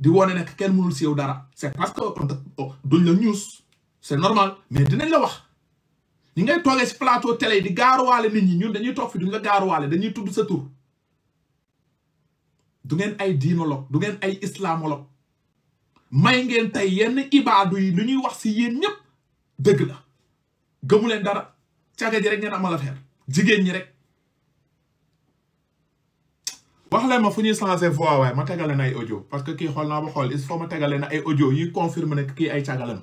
di wone nekk kenn mënul si yow dara c'est parce que oh, duñ la news c'est normal mais dinañ la wax ñi ngay toogee si plateau tele yi di gaaruwaale nit ñi ñun dañuy toog fi duñ la gaaruwaale dañuy tudd sa tur du ngeen ay diinologue du ngeen ay islamologue may ngeen tey yenn ibaadu yi lu ñuy wax si yéen ñëpp dëgg la gëmu leen dara caga ji rek ngeen amal affaire jigéen ñi rek wax leen ma fu ñuy changé voix waaye ma tegale na ay audio parce que kii xool naa ba xool il faut ma tegale na ay audio yuy confirme ne kii ay càggalam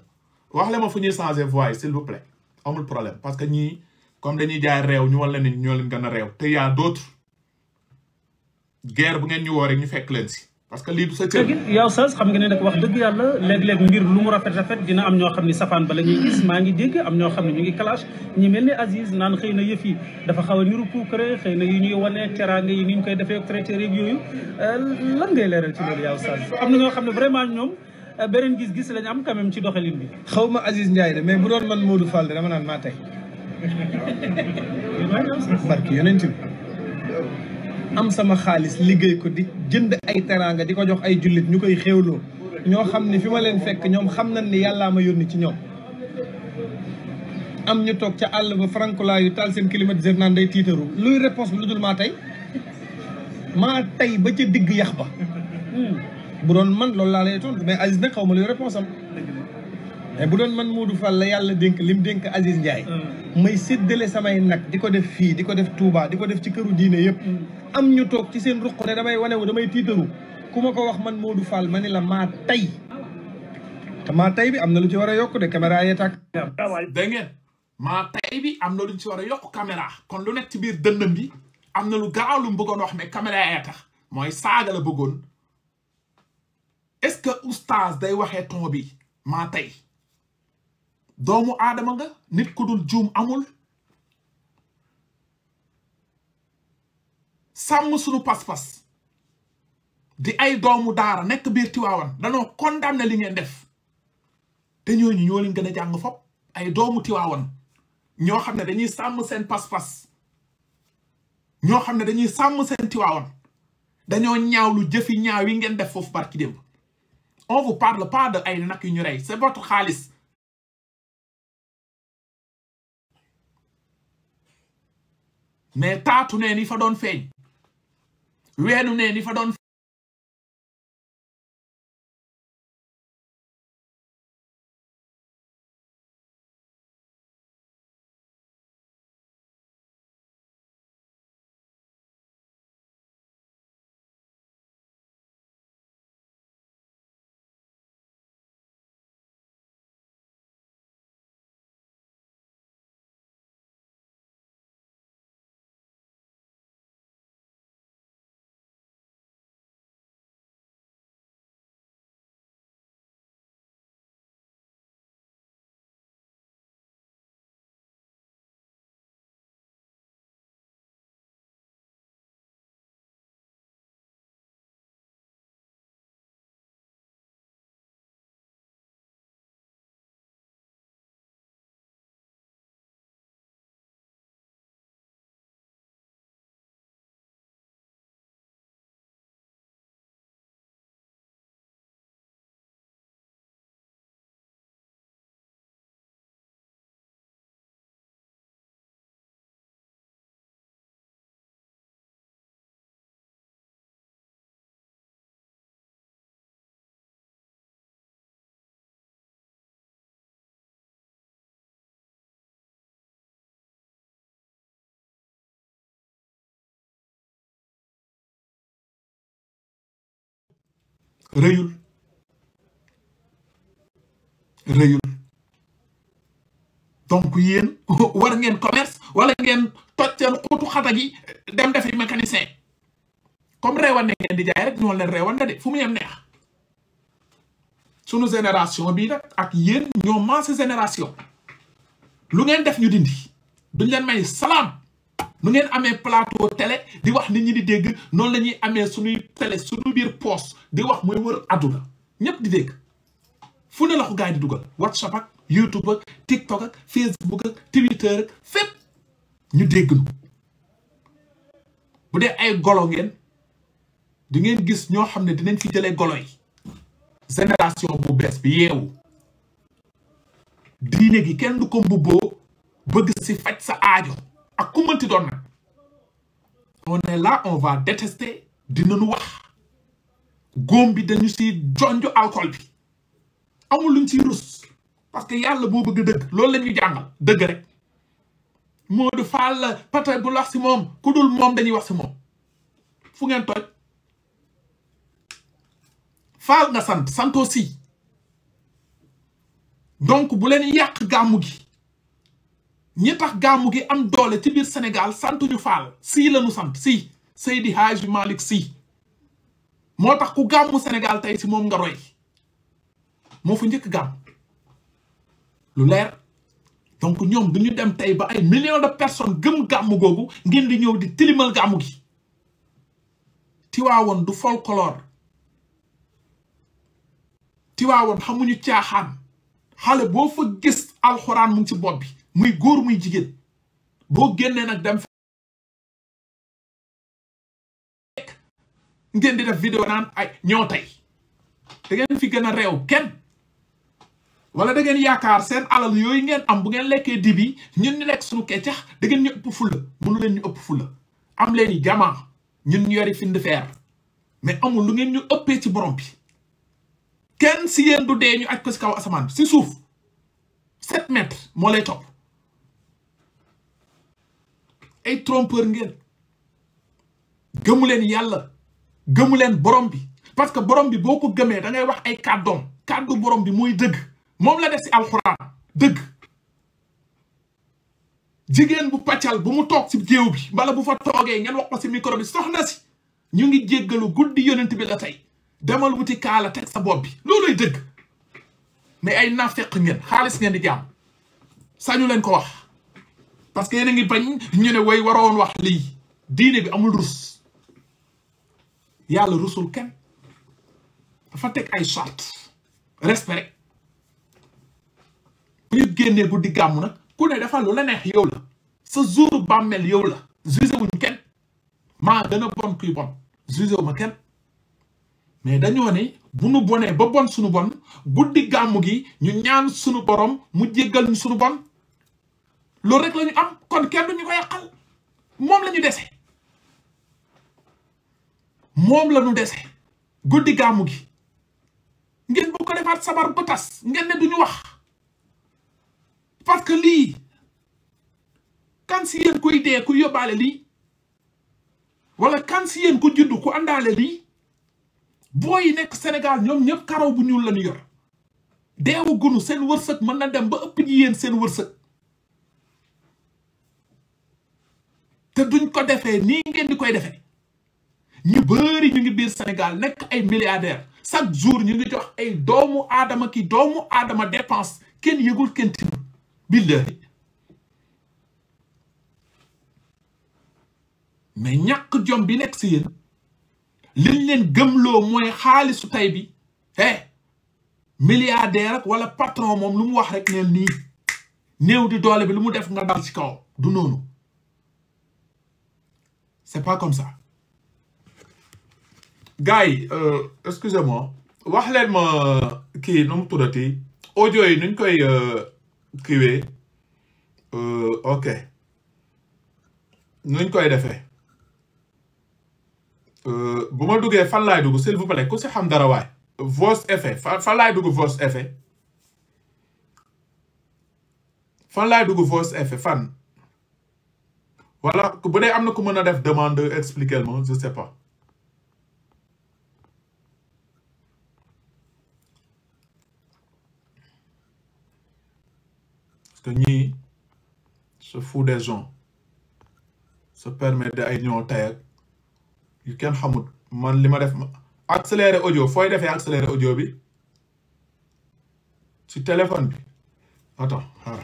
wax leen ma fu ñuy changé voix yi s'il vous plaît amul problème parce que ñii comme dañuy jaar réew ñu wan leen ni ñoo leen gën a réew te y a d'autres bu ngeen ñu woo rek ñu fekk leen si parce que lii du sa cër. yow Oustaz xam nga ne nag wax dëgg yàlla léeg-léeg mbir lu mu rafet rafet dina am ñoo xam ne safaan ba la gis maa ngi dégg am ñoo xam ne ñu ngi clash ñi mel ni Aziz naan xëy na yëf yi dafa xaw a niru puukare xëy na yu ñuy wane teraanga yi ni ñu koy defee traité yooyu euh, lan ngay leeral ci loolu yow Oustaz am na ñoo xam ne vraiment ñoom euh, beneen gis-gis lañ am quand même ci doxalin bi. xaw ma Aziz Ndiaye de mais bu doon man Modou Fall de naan maa tey. barki am sama xaalis liggéey ko di jënd ay teraanga di ko jox ay jullit ñu koy xéewloo ñoo xam ne fi ma leen fekk ñoom xam nañ ni yàllaa ma yónni ci ñoom am ñu toog ca àll ba francola yu taal seen climatiseur naan day tiitaru luy réponse bi lu dul maa tey maa tey ba ca digg yax ba hmm. bu doon man loolu laa lay tontu mais Aziz nag xaw ma luy réponse am mais bu doon man Modou Fall la yàlla dénk lim dénk Aziz ndjay may séddale samay nak diko def fi diko def Touba diko def ci keuru diine yep am ñu tok ci seen rukku ne damay wane wu damay titeeru kuma ko wax man Modou Fall manila ma tay ta ma tay bi amna lu ci wara yok de caméra ye tak dégg ngeen maa tay bi amna lu ci wara yok caméra kon lu nek ci bir deñum bi amna lu garaaw lu mu wax mais caméra ye tax moy saga la bëggoon est-ce que oustaz day waxe ton bi maa tay. doomu aadama nga nit ku dul juum amul sàmm sunu pas-pas di ay doomu daara nekk biir Tiwaawan danoo condamné li ngeen def te ñooñu ñoo leen gën jàng fop ay doomu Tiwaawan ñoo xam ne dañuy sàmm seen pas-pas ñoo xam ne dañuy sàmm seen Tiwaawan dañoo lu jëfi ñaaw yi ngeen def foofu barki démb on vous parle pas de ay nag yu ñu rey c'est xaalis mais taatu nee yi fa doon feeñ weenu neen yi fa doon rëyul rëyul donc yéen war ngeen commerce wala ngeen toj seen xutu xata gi dem defi mécanicien comme reewande ngeen di jaay rek ñoo leen reewande de fu mu yem neex sunu génération bii nag ak yéen ñoo maase génération lu ngeen def ñu dindi duñ leen may salaam nu ngeen amee plateau tele di wax nit ñi di dégg noonu lañuy amee suñuy télé suñu biir poos di wax muy wër àdduna ñépp di dégg fu ne la ko gars yi di dugal whatsapp ak youtube ak tiktok ak facebook ak twitter ak fépp ñu dégg nu bu dee ay golo ngeen di ngeen gis ñoo xam ne dinañ fi jële golo yi génération bu bees bi yeewu diine gi kenn du ko mbubboo bëgg si faj sa aajo ak ku on est là on va détester dinañu wax Gombi bi dañu Alcolpi. alcool bi amul parce que y a le dëgg loolu la ñuy de Grec. rek Modou Fall peut-être bu wax si moom monde dul moom dañuy wax si moom fu donc vous voulez yàq ñi tax gàmmu gi am doole ci biir Sénégal santuñu faal si lañu sant si Seydi Hadji Malick si moo tax ku gàmmu Sénégal tey si moom nga roy moo fa njëkk gàmm lu leer donc ñoom du ñu dem tey ba ay millions de personne gëm gàmmu googu ngeen di ñëw di tilimal gàmmu gi Tiwaawoon du folklore Tiwaawoon xamuñu caaxaan xale boo fa gis alxuraan mu ci bopp bi muy góor muy jigéen boo génnee nag dem fekk ngeen di def vidéo naan ay ñoo tey da fi gën a réew kenn wala dangeen yaakaar seen alal yooyu ngeen am bu ngeen lekkee dibi ñun ñu lekk suñu keccax da ngeen ñu ëpp fulla mënu leen ñu ëpp fulla am leen i jamaa ñun ñu yori find feer mais amul lu ngeen ñu ëppee ci borom bi kenn si yéen du dee ñu aj ko si kaw asamaan si suuf sept mètres moo lay topp ay trompeur ngeen gëmu leen yàlla gëmu leen borom bi parce que borom bi boo ko gëmee dangay wax ay kàddoom kàddu borom bi mooy dëgg moom la def si alxuraan dëgg jigéen bu paccal bu mu toog si géew bi bala bu fa toogee ngeen wax ko si micro bi soxna si ñu ngi jéggalu guddi yonent bi la tey demal wuti kaala teg sa bopp bi looluy dëgg mais ay naafeq ngeen xaalis ngeen di jaam sañu leen ko wax parce que yéen ngi bañ ñu ne way waroon wax lii diine bi amul rus yàlla rusul kenn dafa teg ay charte respect bu ñu génnee guddi gàmm nag ku ne dafa lu la neex yow la sa jour bàmmeel yow la jugé wuñ kenn maa gën a bon kuy bon jugé wu ma mais dañoo ne bu nu bonee ba bon suñu bon bu gàmm gi ñu ñaan sunu borom mu jéggal ñu suñu bon loolu rek la ñu am kon kenn du duñu ko yàqal moom la dese moom la ñu dese guddi gàmmu gi ngeen bu ko defaat sabar ba tas ngeen ne duñu wax parce que lii kan si yéen kuy dee ku yóbbaale lii walla kan si yéen ku juddu ku àndaale lii boo yi nekk senegal ñoom ñëpp karaw bu ñuul lañu ñu yor deewu gunu seen wërsëg mën na dem ba ëpp ñi yéen seen wërsëg te duñ ko defee nii ngeen di koy defee ñu bëri ñu ngi biir Sénégal nekk ay milliardaires chaque jour ñu ngi jox ay doomu aadama ki doomu aadama dépense kenn yëgul kenn timul billahi mais ñàkk jom bi nekk si yéen liñ leen gëmloo mooy xaalisu tey bi eh milliardaire ak wala patron moom lu mu wax rek neen nii néew di doole bi lu mu def nga dal ci kaw du noonu C'est pas comme ça. guy euh, excusez-moi wax qui ma kii nu mu audio yi nuñ koy euh, kiiwee euh, ok nuñ koy defee euh, bu ma duggee fan laay dugg s'il vous plaît ku si xam dara waay voice effet fan laay dugg voice effet fan laay dugg voice effet fan voilà bu dee am na ku mën a def demande expliquer moom je sais pas parce que ñii se fout des gens se permet de ay ñoo tey yu kenn xamut man li ma def ma accéléré audio fooy defee accéléré audio bi ci téléphone bi attends xaar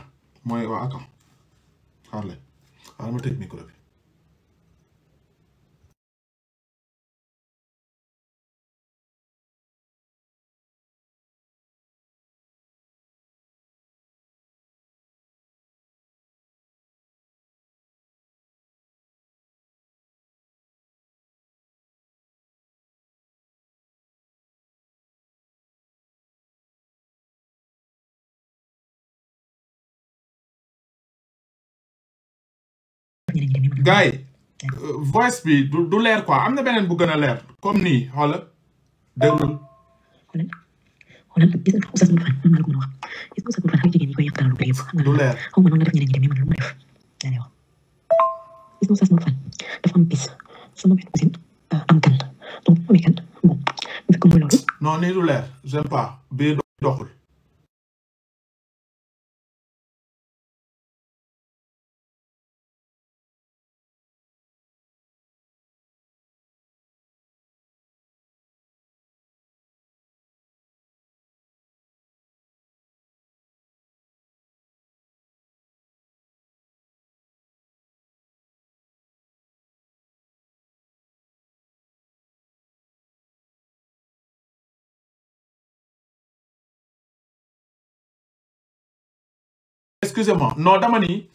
mooy waa attends xaar leen არ მარტივ მიკრობი. gars voice bi du du leer quoi am benen bu gën a leer comme ni xoola déglul wala gis nga oustaz Modou Fall man maa la ko mën a wax gis nga oustaz Modou Fall xale jigéen ñi koy yàq dara lu bëri yëpp xam nga xaw ma non la def ñeneen ñi demee man lu ma def daa lay wax gis nga oustaz Modou Fall dafa am bis sama benn cousine am kan donc bu amee kan bon bu fekkee mooy loolu non nii du leer j'aime pas bii doxul excusez-moi non dama ni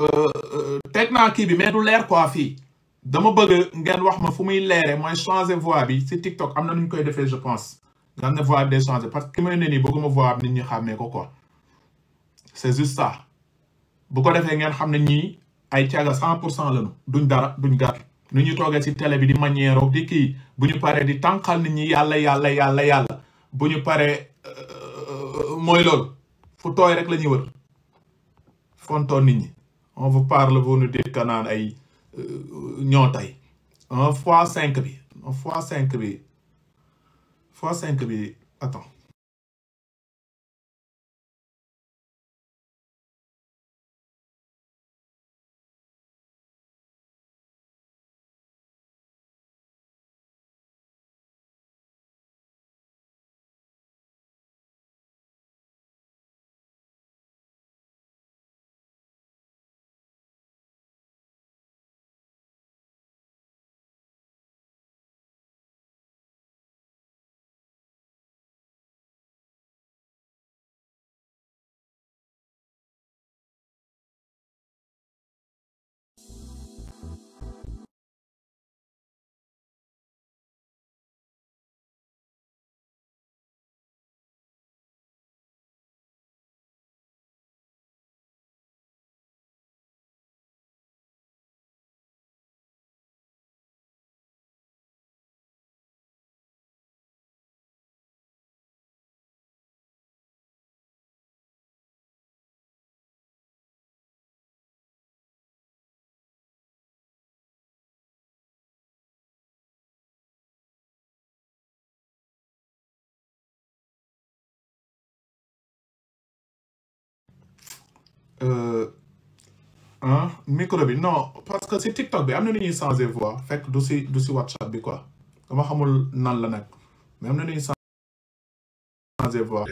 euh, euh naa bi mais du leer quoi fi dama bëgg ngeen wax ma fu muy leere mooy changer voix bi ci TikTok amna na ñu koy défé je pense nga xam voix des changer parce que ki ni bëgguma voix nit ñi xàmmee ko quoi c'est juste ça bu ko défé ngeen xamné ñi ay tiaga 100% pour duñ dara duñ gàtt nu ñuy toogee si télé bi di manière di ki buñu paré di tankal nit ñi yalla yalla yalla yalla buñu paré paree euh, euh, mooy loolu fu toy rek lañuy ñuy wër on vous parle vous nous dites que euh, un fois cinq bi un fois cinq bi fois cinq attends ah micro bi non parce que si TikTok bi am na nu ñuy changé voix fekk du si du si WhatsApp bi quoi dama xamul nan la nag mais am na nu ñuy changé voix.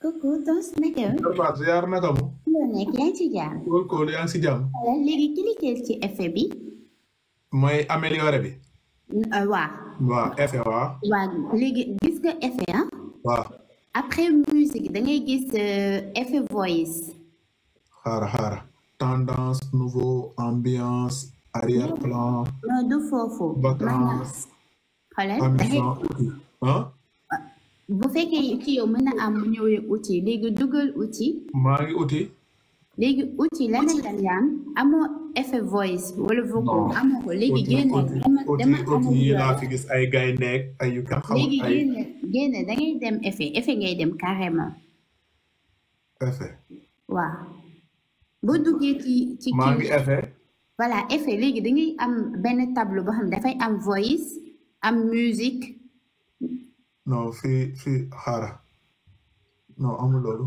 coucou tos naka. Ndourba ziar nekk yaa ci jàmm. kóol kóol yaa ngi euh, ci jàmm. léegi cliquer ci effet bi. mooy améliorer bi. Euh, waaw. waaw effet waaw. léegi gis nga effet ah. après musique da ngay effet euh, voice. Har har, tendance nouveau ambiance arrière plan. non du faux vacances. ambiance hein? ah. bu fekkee ci yow mën na am ñëwee outil léegi dugal outil. maa ngi outil. léegi outil leneen lan yaa amoo effet voice wala vocal amoo ko léegi génne dama amul yi laa fi gis ay gaay nekk ay yu kan xamul léegi génne génne dem effet effet ngay dem carrément effet waaw boo duggee ci ci maa ngi effet léegi da am benn tableau boo xam dafay am voice am musique non fii fii xaara non amul loolu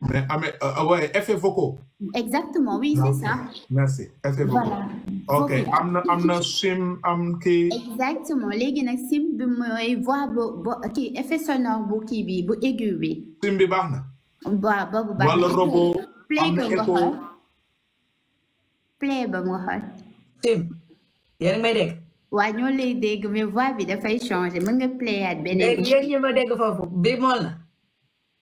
Mais, ah, euh, Exactement, oui, c'est ça. Merci. effet vocaux. OK. Amna amna sim am Exactement. Légui nak sim bi moy voix bo ki effet sonore bu ki bi bu aigu bi. Sim bi baxna. Ba ba robot. Play Play ba bien. xol. Sim. dégg. Wa ñoo dégg mais voix bi da fay changer. Mën nga benen. Yeen dégg fofu. Bémol la.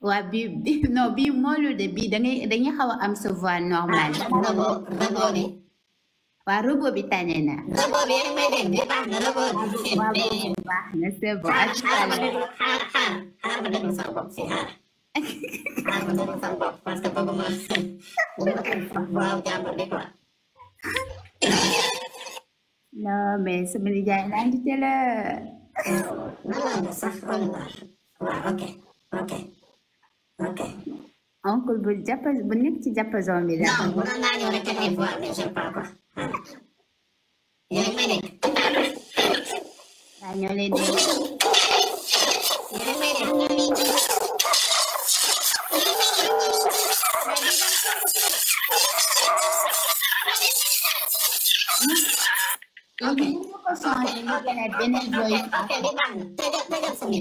waa bii bii non bii moolu de bii da ngay dañuy xaw a am sa voix normal. robo robo bi. waaw robo bi tane na. robo bi yéen may dégg bi baax na robo bi. waaw boobu baax na c'est bon. xaaral ma déglu xaaral xaaral ma déglu sama bopp si xaaral. xaaral ma déglu sama bopp parce que boobu moom bu ma am sax waaw jàmbur bi quoi. non mais sama nijaay naan di teel a. non non sax kon waaw ok ok. Uncle bu diapaz... Bu nek ti diapazon mi No, bunun non yorucu ore che dai fuori, c'è poco. Io in mene. Dai, non le dico. Io in mene, non le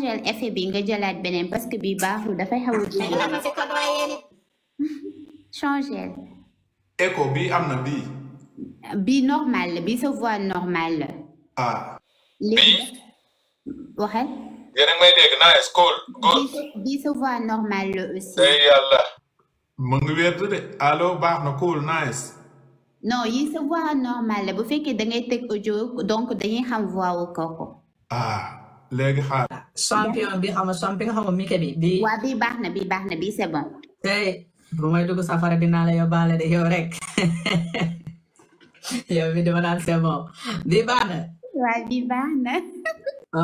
changel bi nga jalaat beneen parce que bi baaxul dafay xaw a jigéen changel écho bi am na bii bii normal la bii sa normal la ah léegi waxal yéen may dégg naa es kool góor bii sa normal aussi tey yàlla mu ngi wér de allo baax na cool nice non yi sa voix normal la bu fekkee da ngay teg donc dañuy xam voix wu kooku ah léegi xaar champion bi xam nga champion xam nga mike bi bi waa bi baax na bi baax na bi c'est tey bu may dugg safara dinaa la yóbbaale de yow rek yow bi dama naan c'est bon bi baax na waa bi baax na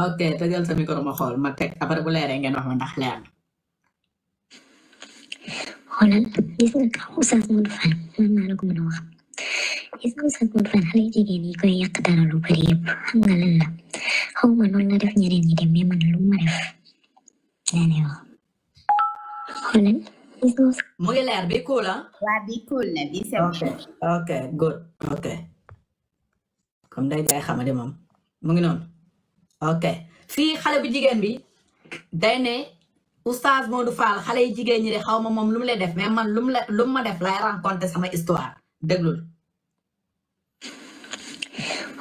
ok tëjal sa micro ma xool ma teg après bu leeree ngeen wax ma ndax leer na xoolal gis nga Oustaz Modou Fall man maa ko mën a wax إذا مسكون فنحل يجيني كوي يقدر له قريب الحمد لله هو من ولا رف نيرين يدمي من لو مرف يعني هولن Muy leer bikula. Wa bikula bisa. Okay, okay, good, okay. Comme day day xamade mom. Mu ngi non. Okay. Fi xalé bu jigen bi day ne oustaz Modou Fall xalé jigen ñi xawma mom lum lay def mais man lum mu ma def lay rencontrer sama histoire. Deglul.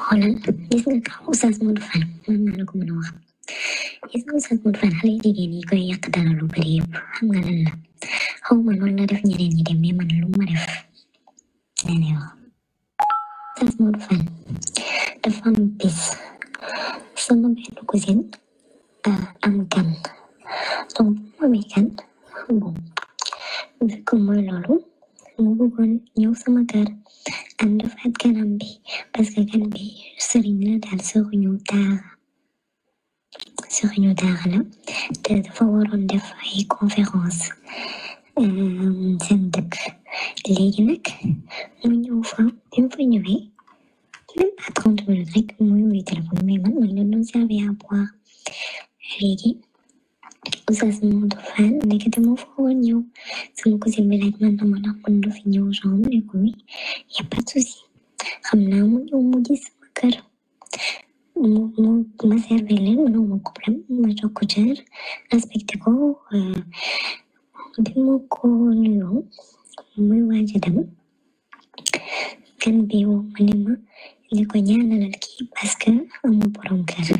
xoolal gis nga Oustaz Modou Fall mën naa la ko mën a wax gis nga Oustaz Modou Fall xale jigéen yi koy yàq lu bëri yëpp nga lan la xaw ma loolu la def ñeneen ñi dem mais man lu ma def nee na yow Oustaz Modou Fall dafa am benn cousine am donc moom kan bon dëkk mooy loolu موجو كان يو سمكار أن رفعت جنبي بس جنبي سرينا دار سوغنو تا سوغنو تا غلا تدفورون دفعي كونفرنس سندك لينك من يوفا من فنوي من أتكون تقول لك مو يوي تلفون ميمان من لنو سابيا بوا لينك Uzazi Moldovano ndraiky edy mafy hoan'ny io. Zany koa izay malaky manamana ny reko hoe y a pas de souci aminah moa mody izy mankarà. Mahasarika ilaigna manao problème mandrakodrara respecteko ndimako anareo mahoandry Kany be manema ilay koa niany lalaliky parce que agnamboarako karaha.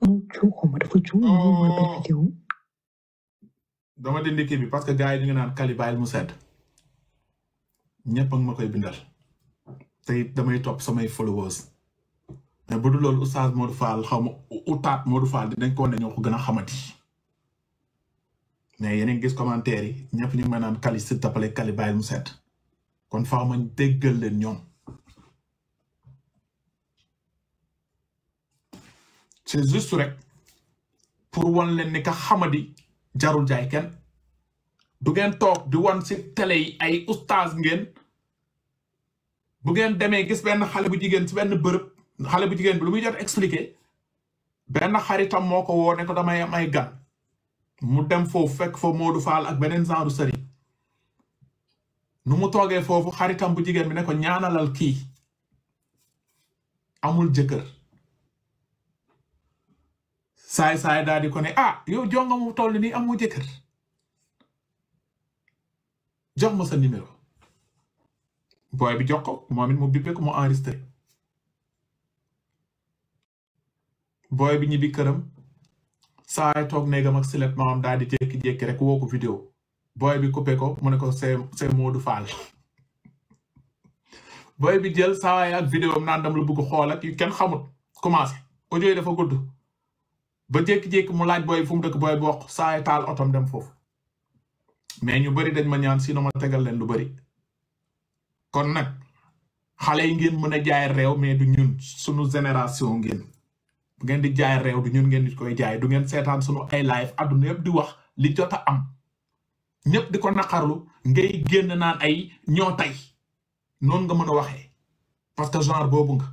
cuu xaw dama dindi kii bi parce que gars yi ñu ngi naan Kali mu sedd ñëpp a ma koy bindal te damay topp samay followers mais bu dul loolu oustaz Modou Fall xaw ma utaat Modou Fall dinañ ko ne ñoo ko gën a xamati mais yeneen gis commentaire yi ñëpp ñu ma naan Kali s'il te plaît mu sedd kon faaw ma déggal leen ñoom. c'est juste rek pour wan leen ni ka xamadi jarul jaay kenn du ngeen toog di wan si télé yi ay oustaz ngeen bu ngeen demee gis benn xale bu jigéen si benn bërëb xale bu jigéen bi lu muy jot expliqué benn xaritam moo ko woone ko damay am ay gan mu dem foofu fekk fa Modou Fall ak beneen genre sëriñ nu mu toogee foofu xaritam bu jigéen bi ne ko ñaanalal kii amul jëkkër saay-saay daal di ko ne ah yow jox nga mu toll nii amoo jëkkër jox ma sa numéro booy bi jox ko moom it mu bippé ko mu enregistré booy bi ñibbi këram saay toog néegam ak silet daal di jékki-jékki rek woo ko booy bi coupé ko mu ne ko c'est c'est Modou Fall booy bi jël saay ak vidéo am naan dam la bëgg xool yu kenn xamut commencé audio yi dafa gudd ba jékki-jékki mu laaj booy fu mu dëkk booy bi wax saay taal otom dem foofu mais ñu bari dañ ma ñaan sinon ma tegal leen lu bari kon nag xale yi ngeen mën a jaay réew mais du ñun suñu génération ngeen bu ngeen di jaay réew du ñun ngeen di koy jaay du ngeen seetaan sunu ay live àdduna yëpp di wax li jot a am ñëpp di ko naqarlu ngay génn naan ay ñoo tey noonu nga mën a waxee parce que genre boobu nga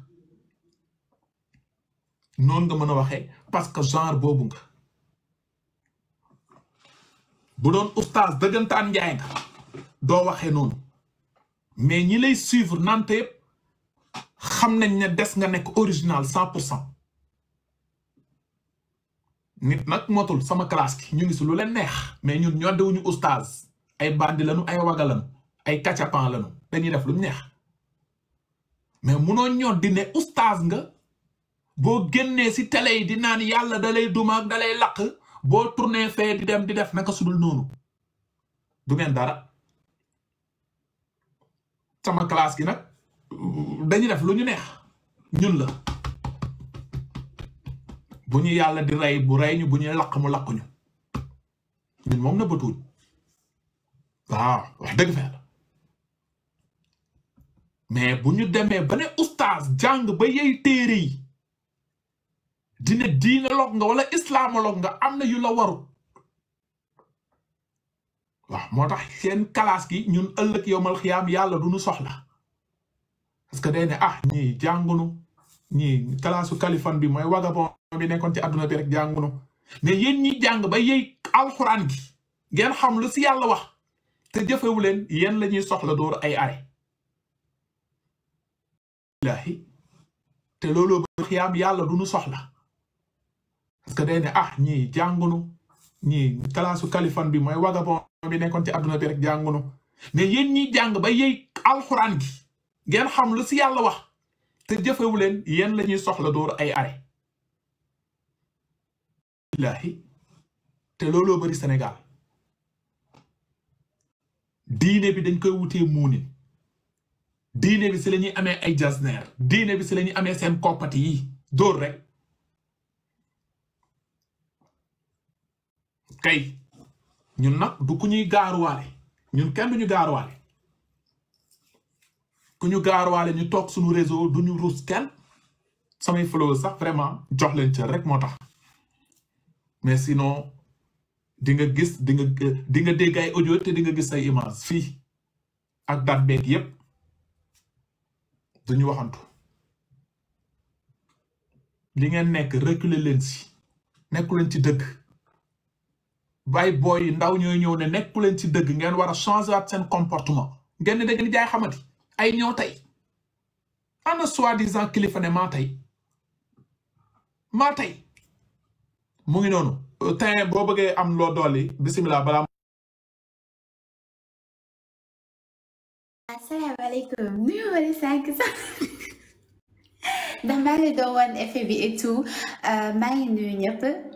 noonu nga mën a waxee parce que genre boobu nga bu doon oustaz dëggantaan njaay nga doo waxee noonu mais ñi lay suivre nante yëpp xam nañ ne des nga nekk original cent pour cent nit nag motul sama classe ki ñu ngi si lu leen neex mais ñun ñoo dewuñu oustaz ay bandi lanu ay waga lanu ay kacapan lanu dañuy def lu neex mais munoo ñoo di ne oustaz nga boo génnee si tele yi di naan yàlla da lay duma ak da boo tourné fee di dem di def naka sudul noonu du ngeen dara sama classe gi nag dañuy def lu ñu neex ñun la bu ñu yàlla di rey bu rey ñu bu ñu laq mu laq ñu ñun moom na bëtuuñ waaw wax dëgg fa mais bu ñu demee ba ne oustaz jàng ba yey téere yi dina diinaloog nga wala islamoloog nga am na yu la warut waa moo tax seen kalaas gi ñun ëllëg yomal xiyaam yàlla du ñu soxla parce que day ne ah ñii kalaasu kalifan bi mooy vagabond bi nekkoon ci adduna bi rek jàngunu mais yéen jàng ba yey alxuraan gi ngeen xam lu si yàlla wax te jëfewu leen yéen la ñuy soxla dóor ay are te looloo ba xiyaam yàlla du ñu soxla parce que day ne ah ñii jàngunu ñii kalaasu kalifan bi mooy vagabond bi nekkoon ci adduna bi rek jàngunu mais yéen ñiy jàng ba yey alxuraan gi ngeen xam lu si yàlla wax te jëfewu leen yéen la soxla dóor ay are te looloo bari senegal diine bi dañ koy wutee muunin diine bi si lañuy ñuy amee ay jasneer diine bi si lañuy ñuy amee seen koppati yi dóor rek kay ñun nag du ku ñuy gaaruwaale ñun kenn du ñu gaaruwaale ku ñu gaaruwaale ñu toog suñu réseau du ñu ruus kenn samay flow sax vraiment jox leen cër rek moo tax mais sinon di nga gis di nga di nga dégg ay audio te di nga gis ay image fii ak dat beeg yépp duñu waxantu li ngeen nekk reculer leen si nekku leen ci dëkk bay booy yu ndaw ñooy ñëw ne nekku leen ci dëgg ngeen war a changer waat seen comportement ngeen ne da ngeen jaay xamati ay ñëw tey ana soi-disant kilifa ne maa tey maa tey mu ngi noonu euh, tey boo bëggee am loo dooli bisimilah balaa asalaamaaleykum nuyu wala sànq sax dama la doon wan effet bi et tout euh, maa ngi nuyu ñëpp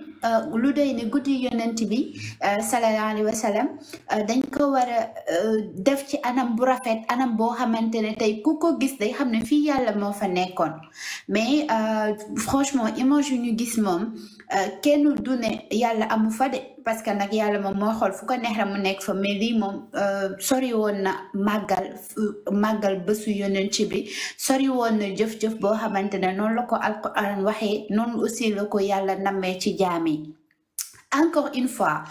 lu ne guddi yonent bi sallallahu alayhi wa sallam dañ ko war a def ci anam bu rafet anam boo xamante ne tey ku ko gis day xam ne fii yàlla moo fa nekkoon mais franchement image yu ñu gis moom kenn du ne yàlla amu fa de parce que nag yàlla moom moo xool fu ko neex la mu nekk fa mais lii moom euh, sori woon na màggal euh, màggal bésu yonent bi sori woon na jëf-jëf boo xamante ne noonu la ko alquran waxee noonu aussi la ko yàlla namee ci jaam yi encore une fois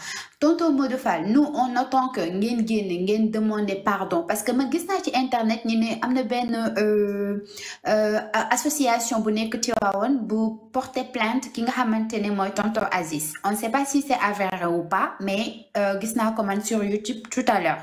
mot de nous on entend que nous demandons demander pardon parce que nous gis une internet ñu amna ben euh, euh, association bu nek Tivaouane bu porter plainte ki nga xamantene moy tonto Aziz on ne sait pas si c'est avéré ou pas mais euh, gis na comment sur YouTube tout à l'heure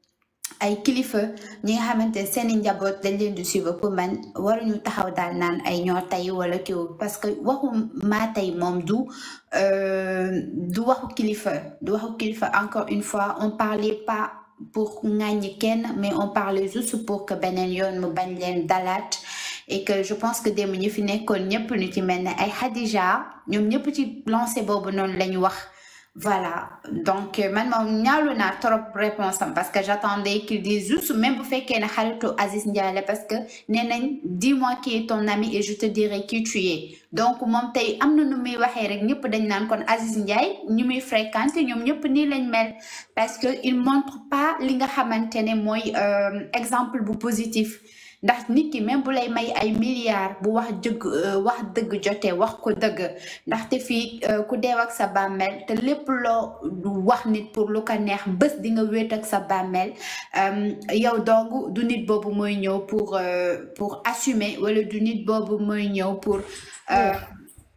ay kilifa ñi nga xamante seeni njaboot dañ leen di suivre pour man waruñu taxaw daal naan ay ñoo tey wala kiw parce que waxu ma tey moom du euh, du waxu kilifa du waxu kilifa encore une fois on parlait pas pour ngagne kenn mais on parlait juste pour que benen yoon mu bañ leen dalaat et que je pense que démb ñu fi nekkoon ñëpp ñu ci mel ne ay Xadija ñoom ñëpp ci lancé boobu noonu lañu wax voilà, donc man ñaalu naa trop réponse réponses parce que j'attendais qu'il dise juste même bu qu'il ne xaritu Aziz Ndiaye parce que dis-moi qui est ton ami et je te dirai qui tu es donc moom tey am nous nu muy rek ñëpp dañ naan kon Aziz Ndiaye ñu muy fréquenté ñoom pas lañ mel parce que il montre pas li nga xamante euh, exemple positif ndax nit ki même bu lay may ay milliards bu wax jëgg euh, wax dëgg jotee wax ko dëgg ndaxte fii euh, ku deew ak sa bàmmeel te lépp loo wax nit pour lu ko neex bés di nga wéet ak sa bàmmeel yow donc du nit boobu mooy ñëw pour euh, pour assumer wala du nit boobu mooy ñëw pour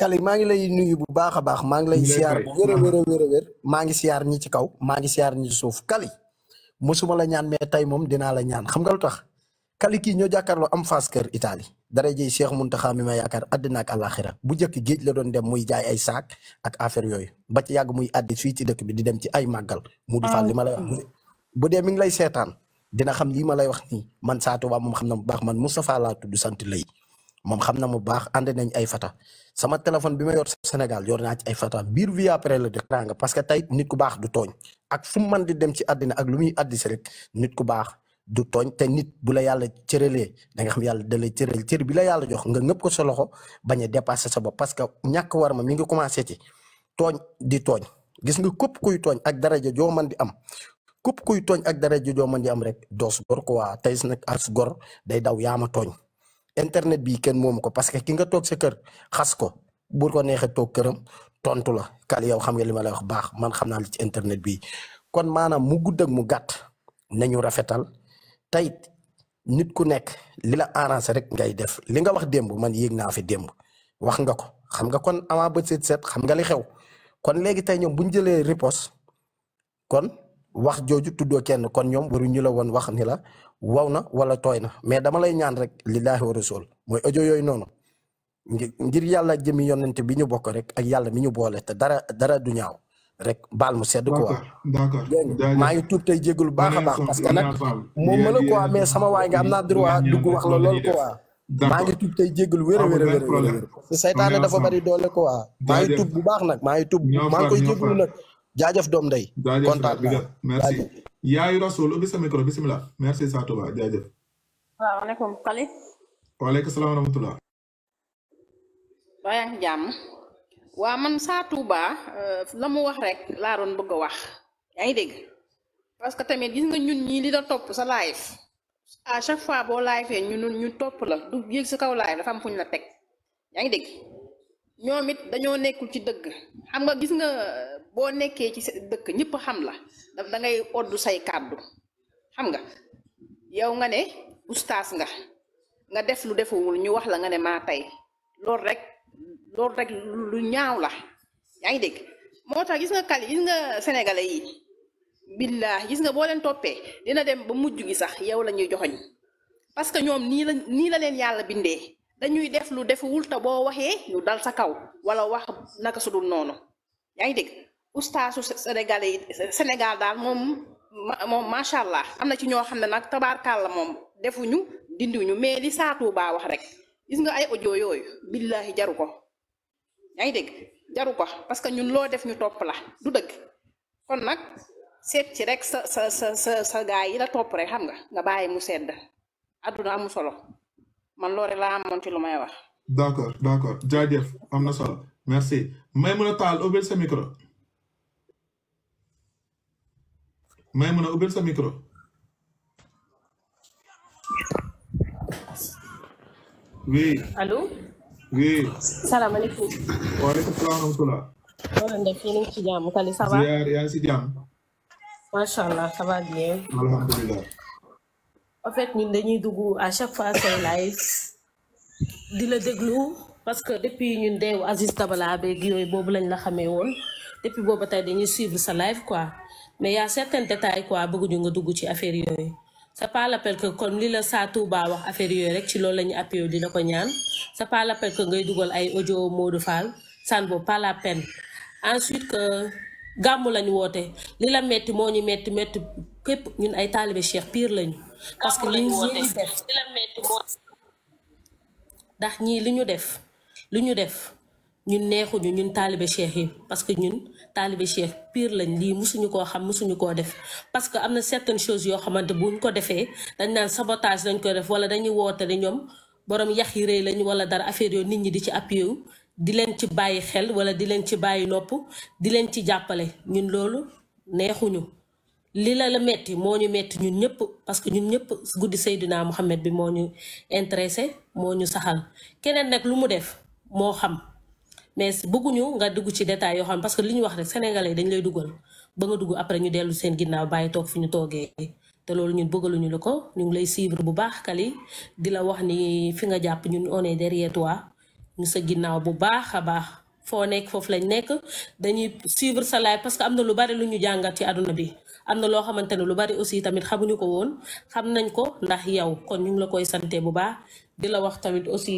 Kali maa ngi lay nuyu bu baax a baax maa ngi lay siyaar bu wér a siyaar ñi ci kaw maa ngi siyaar ñi ci suuf Kali mosuma la ñaan mais tey moom dinaa la ñaan xam nga lu tax Kali kii ñoo jàkkaarloo am fas kër Italie dara jëy Cheikh Muntaxa mi ma yaakaar àddina ak àllaaxira bu njëkk géej la doon dem muy jaay ay saak ak affaire yooyu ba ci yàgg muy àddi fii ci dëkk bi di dem ci ay màggal ah. mu di fal li ma lay wax bu dee mi ngi lay seetaan dina xam lii ma lay wax nii man Sa Touba moom xam na bu baax man Moustapha laa tudd sant lay moom xam na mu baax ànd nañ ay fata sama téléphone bi ma yor Sénégal yor naa ci ay fata biir via après la dëkk nga parce que tey nit ku baax du tooñ ak fu mu mën di dem ci àddina ak lu muy àddisi rek nit ku baax du tooñ te nit bu la yàlla cëralee da nga xam yàlla da lay cëral cër bi la yàlla jox nga ngëpp ko sa loxo bañ dépassé sa bopp parce que ñàkk war ma mi ngi commencé ci tooñ di tooñ gis nga képp kuy tooñ ak daraja joo man di am képp kuy tooñ ak daraja joo mën di am rek doos gor quoi tey nag as gor day daw yaama tooñ internet bi kenn moomu ko parce que ki nga toog sa kër xas ko bu ko neexee toog këram tontu la kal yow xam nga li ma lay wax baax man xam naa li ci internet bi kon maanaam mu gudd ak mu gàtt nañu rafetal tey nit ku nekk li la arrangé rek ngay def li nga wax démb man yéeg naa fi démb wax nga ko xam nga kon avant ba set set xam nga li xew kon léegi tey ñoom bu ñu jëlee riposte kon wax jooju tuddoo kenn kon ñoom waruñu la woon wax ni la waw na wala tooy na mais dama lay ñaan rek lillaahi wa rasul mooy audio yooyu noonu ngir yàlla jëmi yonent bi ñu bokk rek ak yàlla mi ñu boole te dara dara du ñaaw rek baal mu sedd quoi. d'accord d'accord maa ngi tuub tey jégalu baax a baax. parce que nag a mais sama waay nga am naa wax la lool maa ngi tuub tey jégalu wér a wér a wér seytaane dafa bari doole quoi. maa ngi tuub maa ngi tuub nag. jaajëf dom day kontaan naa merci yaay rasoul ubbi sa micro bismillah merci Sa Touba jaajëf salaamaaleykum Kali alaykum salaam wa rahmatullah baayaa jam wa man Sa Touba euh, lamu wax rek la ron bëgg wax yaay deg parce que tamit gis nga ñun ñi li da top sa live à chaque fois bo live ñu ñu top la du yegg sa kaw live dafa am fuñ la tek yaay deg dégg ñoom dañoo nekkul ci deug xam nga gis nga boo nekkee ci dëkk ñëpp xam la da ngay oddu say kàddu xam nga yow nga ne ustaas nga nga def lu defewul ñu wax la nga ne maa tey loolu rek loolu rek lu ñaaw la yaa ngi dégg moo tax gis nga kali gis nga sénégalais yi billaah gis nga boo leen toppee dina dem ba mujj gi sax yow la ñuy joxoñ parce que ñoom nii la nii la leen yàlla bindee dañuy def lu defewul te boo waxee ñu dal sa kaw wala wax naka sudul noonu yaa ngi dégg ustaasu Sénégal yi daal moom moom macha allah am na ci ñoo xam ne nag tabaarkàlla moom defuñu dindiwuñu mais li saatu baa wax rek gis nga ay audio yooyu billaahi jaru ko yaa ngi jaru ko parce que ñun loo def ñu topp la du dëgg kon nag seet ci rek sa sa sa sa sa gaa yi la topp rek xam nga nga bàyyi mu sedd àdduna amul solo man loo loolu laa amoon ci lu may wax. d' am na solo merci may mën a taal ubbil sa micro. may mën a ubbil sa micro. oui allo. oui. salaam wa rahmatulah. Oh, wala ndef a ngi ci jàmm Kali jàmm. macha allah ça bien. alhamdulilah. en fait ñun dañuy dugg à chaque fois say live di la déglu parce que depuis ñun deewu Aziz Dabala beeg yooyu boobu lañ la xamee woon depuis boobu tey dañuy suivre sa live quoi. mais y' a certains détails quoi bëgguñu nga dugg ci affaire yooyu c'est pas la peine que comme li la saa baa wax affaire yooyu rek ci loolu la ñu appuyé dina la ko ñaan c'est pas la peine que ngay dugal ay ojo Modou Fall ça ne vaut pas la peine ensuite que gàmmu lañu woote li la metti moo ñu metti metti képp ñun ay taalibe Cheikh piir lañu. parce que li ñu ndax ñii li ñu def li ñu def ñun neexuñu ñun taalibe Cheikh yi parce que ñun. taalibe cheikh pire lañ lii musuñu koo xam musuñu koo def parce que am na certaines choses yoo xamante buñ ko defee dañ naan sabotage dañ koy def wala dañuy woote ne ñoom borom yax yi rëy lañ wala dara affaire yoo nit ñi di ci appuyé wu di leen ci bàyyi xel wala di leen ci bàyyi nopp di leen ci jàppale ñun loolu neexuñu li la la metti moo ñu metti ñun ñëpp parce que ñun ñëpp guddi Seydina Muhammad bi moo ñu intéressé moo ñu saxal keneen nag lu mu def mais bëgguñu nga dugg ci détail yo xam parce que liñ wax rek sénégalais dañ lay duggal ba nga dugg après ñu déllu seen ginnaw bàyyi tok fi ñu ñun bëggalu ñu lako ñu lay suivre bu baax kali Dila wax ni fi nga japp ñun on est derrière toi ñu sa ginnaw bu baax baax fo nek fof lañ nek dañuy suivre sa live parce que amna lu bari lu ñu jangat ci aduna bi amna lo xamantene lu bari aussi tamit xamuñu ko won xam nañ ko ndax yaw kon ñu la koy santé bu baax dila wax tamit aussi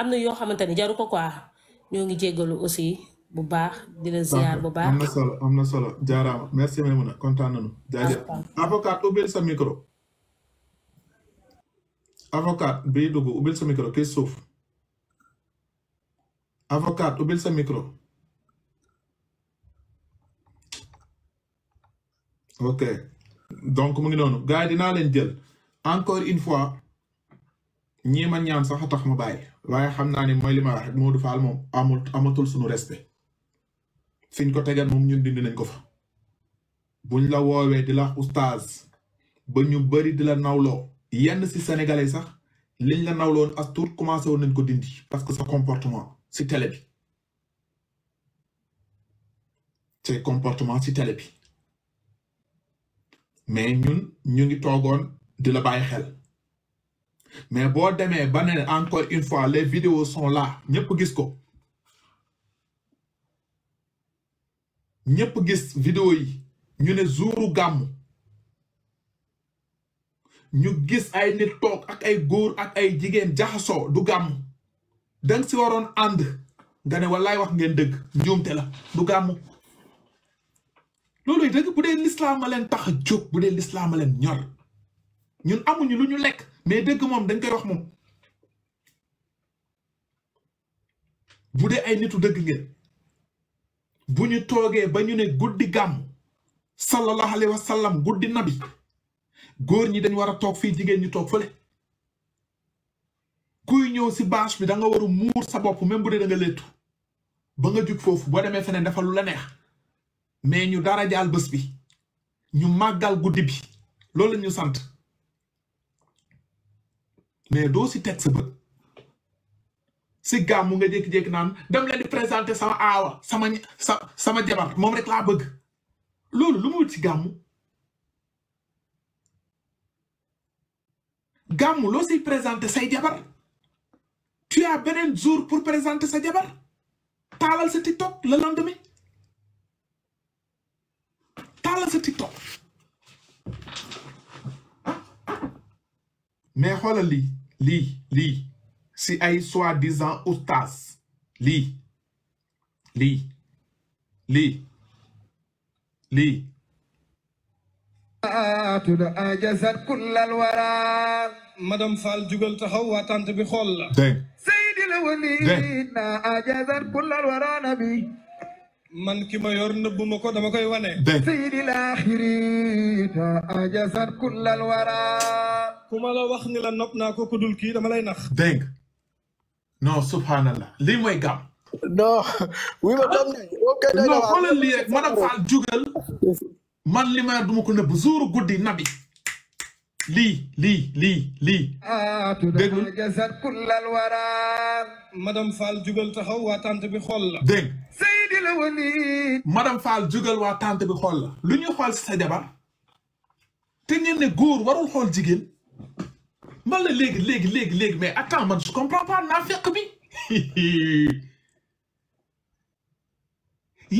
amna yo xamantene jaru ko quoi ñoo ngi jéggalu aussi bu baax di la ziar bu baax am na solo am na solo jaaraama merci Maimouna kontaan nañu jaajëf avocat ubbil sa micro avocat bii dugg ubbil sa micro kii suuf avocat ubbil sa micro ok donc mu ngi noonu gars yi dinaa leen jël encore une fois ñii ma ñaan sax a tax ma bàyyi waaye xam naa ne mooy li ma wax rek Modou Fall moom amul amatul suñu respect fiñ ko tegan moom ñun dindi nañ ko fa buñ la woowee di la oustaz ba ñu bëri di la nawloo yenn si sénégalais sax liñ la nawloon as tuut commencé woon nañ ko dindi parce que sa comportement si télé bi c'est comportement ci télé bi mais ñun ñu ngi toogoon di la bàyyi xel mais boo demee ba ne encore une fois les vidéos sont là ñëpp gis ko ñëpp gis vidéo yi ñu ne zuuru gàmmu ñu gis ay nit toog ak ay góor ak ay jigéen jaxasoo du gàmmu danga si waroon ànd nga ne wallaay wax ngeen dëgg jumte la du gàmmu looluy dëgg bu dee lislaama tax a bu dee lislaama ñor ñun amuñu lu ñu lekk mais dëgg moom dañ koy wax moom bu dee ay nitu dëgg ngeen bu ñu toogee ba ñu ne guddi gàmm sallallahu alayhi wa sallam guddi nabi góor ñi dañ war a toog fii jigéen ñi toog fële kuy ñëw si bâche bi danga waru war a muur sa bopp même bu dee da léttu ba nga jug foofu boo demee feneen dafa lu la neex mais ñu dara jaal bës bi ñu màggal guddi bi loolu la ñu sant mais doo si teg sa bët si gàmmu nga jékki-jékki naan dem leen di présenter sama aawa sama sa sama jabar moom rekk laa bëgg loolu lu mu si gàmmu gàmmu loo siy présenter say jabar tu as beneen jour pour présenter sa jabar taalal sa TikTok le lendemain taalal sa TikTok mais xoolal lii lii lii si ay soi-disant oustaz lii lii lii lii ajazat kullal wara madame Fall jugal taxaw waa tante bi xool la sayyidil wali na ajazat kullal wara nabi man ki ma yor nëbbu ma ko dama koy wane. dégg nga Seydil Axirita ajasat kullal wara. ku ma la wax ni la nopp naa ko kudul kii dama lay nax. dégg non subhanallah lii mooy gam. non. wi ma dam ne. Ah. ok non xoolal lii rek madame jugal ma yor du guddi nabi. lii lii lii lii. dégg nga ajasat kullal wara. madame jugal taxaw waa bi xool Seydi la wali madame Fall jugal waa tante bi xool la lu ñuy xool si sa jabar te ngeen ne góor warul xool jigéen man la léegi léegi léegi léegi mais attends man je comprends pas naa fekk bi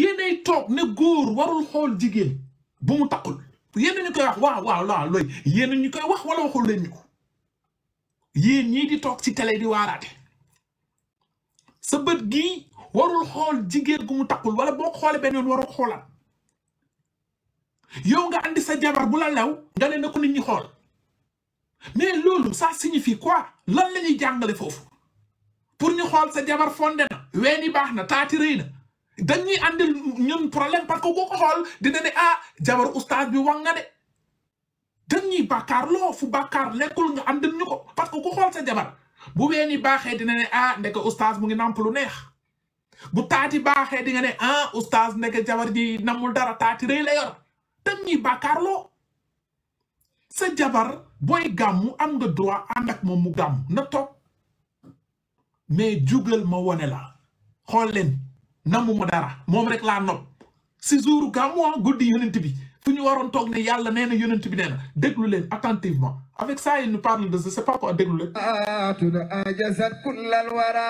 yéenay toog ne góor warul xool jigéen bu mu taqul yéen ñu koy wax waaw waaw waaw looy yéen ñu koy wax wala waxul ñu ko yéen ñii di toog ci télé di waaraate sa bët gii warul xol jigeel gumu takul wala bo xol ben yon waroo yow nga andi sa jabar bu la law nga ne na ko nit ñi xol mais lolu ça signifie quoi lan lañuy ñuy fofu pour ñu xol sa jabar fondé na wéni na taati rëy na ñuy andil ñun problème parce que boo xol di dañé ah jabar oustad bi wax nga dañ ñuy bakkar lo fu bakkar lekul nga andil ñuko parce que ku xol sa jabar bu wéni baxé dina ne ah ndeke oustad mu ngi namp lu neex bu taati baaxee di nga ne ah oustaz nekk jabar ji namul dara taati rëy la yor tam ñuy bàkkaarloo jabar booy gàmmu am nga droit ànd ak moom mu gàmm na toog mais jugal ma wone la xool leen namu ma dara moom rek laa nopp si jour gàmmu guddi yonent bi fu ñu waroon toog ne yàlla nee na yonent bi nee na déglu leen attentivement avec ça il parle de ce c'est pas quoi déglu leen aatuna ajazat kullal wara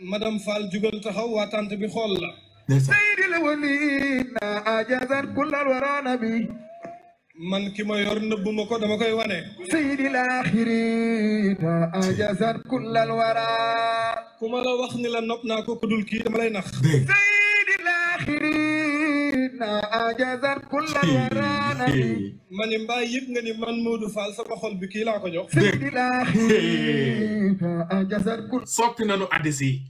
madame Fall jugal taxaw waa tant bi xool la a walina ajazat kullal wara nabi man ki ma yor nëbbu ma ko dama koy wane sayyidil axirina ajazat kullal wara ku ma la wax ni la nopp naa ko ku dul kii dama lay nax sayyidil ma ne mbaa yëg nga ni man Modou Fall sama xol bi kii laa ko jox. dégg soppi nañu addis yi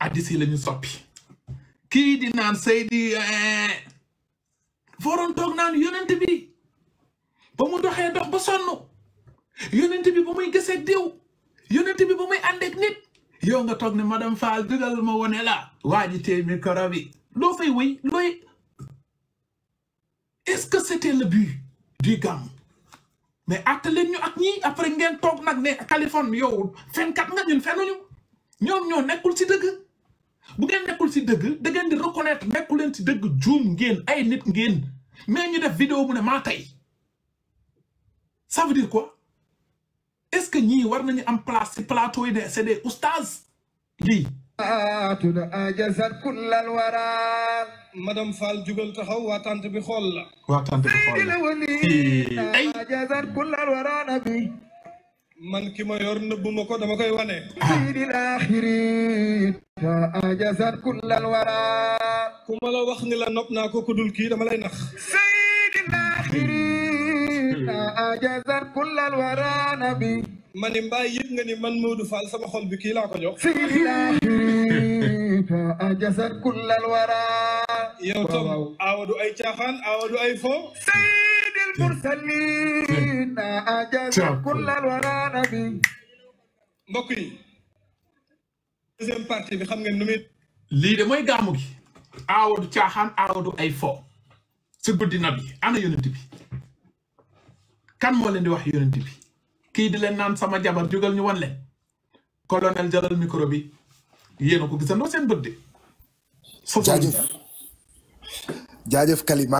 addis yi soppi. kii di naan Seydi eh, fooroon toog naan yonent bi ba mu doxee dox ba sonn yonent bi ba muy gëseeg diw yonent bi ba muy àndeeg nit yow toog ne madame Fall dugal ma wone la waa ji téye oui, oui, est-ce que c'était le but du gang mais attendez nous, après une toog à né fait yow fenkat nga ñun fenuñu une ñoo nekkul ci bu nekkul ci di reconnaître nekkul ci ay nit mais ñu def vidéo mu ça veut dire quoi est-ce que nous, war nañu place plateau c'est des madame Fall jugal taxaw waa tant bi xool la. waa tant bi la ay. man ki ma yor ko dama koy wane. ku ma la wax ni la nopp naa ko ku dul ma ne mbaa yëg nga ni man Modou Fall sama xol bi kii laa ko jox. ajasat kullal wara. yow tam awadu ay caaxaan awadu ay fo. sayyidil mursalin ajasat kullal wara nabi. mbokk yi. deuxième partie bi xam ngeen nu muy. lii de mooy gàmmu gi. awadu caaxaan awadu ay fo. si guddi nabi ana yonent bi. kan moo leen di wax yonent bi. kii di leen naan sama jabar jógal ñu wan leen colonel jaral micro bi yéen a ko seen bët de. jaajëf jaajëf Kalima.